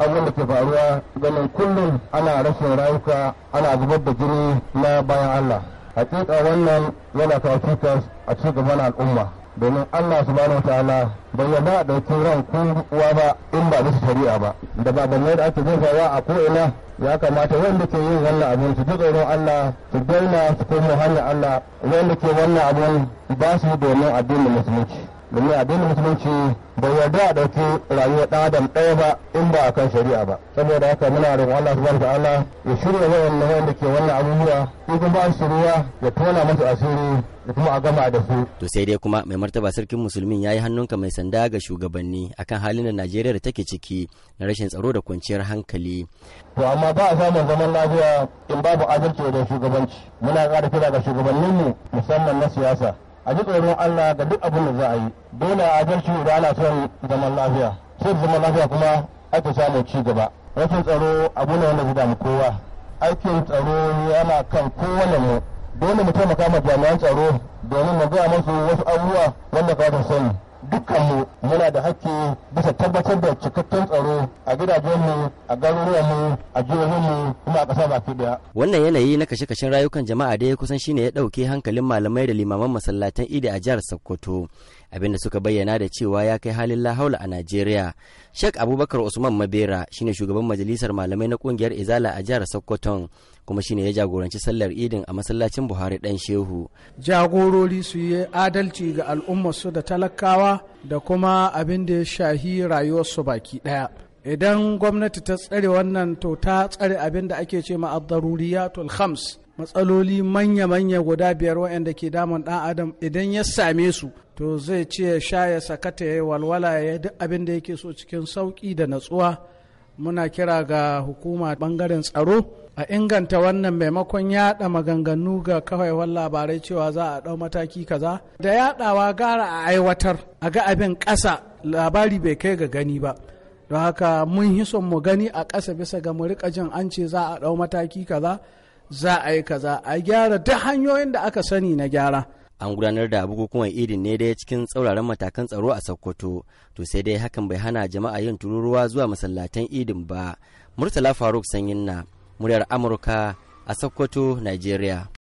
abin da ke faruwa ganin kullum ana rashin rayuka ana zubar da jini na bayan Allah hakika wannan yana kawo cikas a ci gaban al'umma domin Allah subhanahu wataala bai yarda a ɗauki ran kowa ba in ba bisa shari'a ba da babanne da ake jefawa a ko'ina ya kamata wanda ke yin wannan abin su ji tsoron Allah su daina su koma hanyar Allah wanda ke wannan abin ba su domin addinin musulunci domin addinin musulunci bai yarda a ɗauki rayuwar ɗan adam ɗaya ba in ba a kan shari'a ba saboda haka muna wani su subhanahu ta'ala ya shirya wayannan da ke wannan abubuwa in kuma an shirya ya tona masu asiri da kuma a gama da su to sai dai kuma mai martaba sarkin musulmin ya yayi hannunka mai sanda ga shugabanni akan halin da Najeriya da take ciki na rashin tsaro da kwanciyar hankali to amma ba a samun zaman lafiya in babu adalci da shugabanci muna ƙara kira ga shugabanninmu musamman na siyasa a ji tsoron Allah ga duk abin da za a yi dole adalci da ana son zaman lafiya sai zaman lafiya kuma ake samun ci gaba rashin tsaro abu ne wanda zai damu kowa aikin tsaro yana kan kowane mu dole mu taimaka ma jami'an tsaro domin mu gaya masu wasu abubuwa wanda ka sani dukkanmu muna da haƙƙi bisa tabbatar da cikakken tsaro a gidajenmu a garuruwanmu a jihohinmu kuma a ƙasa baki ɗaya. Wannan yanayi na kashe-kashen rayukan jama'a da ya kusan shine ya ɗauke hankalin malamai da limaman masallatan idi a jihar Sokoto abinda suka bayyana da cewa ya kai halin lahaula a Najeriya. Sheikh Abubakar Usman Mabera shine shugaban majalisar malamai na kungiyar Izala a jihar sokoto kuma shine ya jagoranci sallar Idin a masallacin Buhari dan Shehu. Jagorori su yi adalci ga su da talakawa da kuma abin da ya shahi su baki daya. Idan gwamnati ta tsare wannan to ta tsare abin da ake ce ma ad khams matsaloli manya-manya guda biyar waɗanda ke damun dan adam idan ya same su to zai ce sha ya sakata ya yi walwala ya duk abin da yake so cikin sauƙi da natsuwa muna kira ga hukuma bangaren tsaro a inganta wannan maimakon yaɗa maganganu ga kawaiwan labarai cewa za a ɗau mataki kaza da yaɗawa gara a aiwatar a ga abin ƙasa labari bai kai ga gani ba don haka mun yi son mu gani a ƙasa bisa ga mu rika jin an ce za a ɗau mataki kaza za a yi kaza a gyara duk hanyoyin da aka sani na gyara an gudanar da bukukuwan idin ne dai cikin tsauraran matakan tsaro a sokoto to sai dai hakan bai hana jama'a yin tururuwa zuwa masallatan idin ba murtala faruk sanyin na muryar amurka a sokoto nigeria